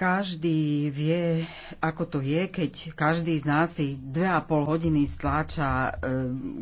Každý vie, ako to je, keď každý z nás tých 2,5 hodiny stláča e,